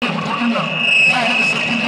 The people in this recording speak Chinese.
哎，我跟的讲，哎，我跟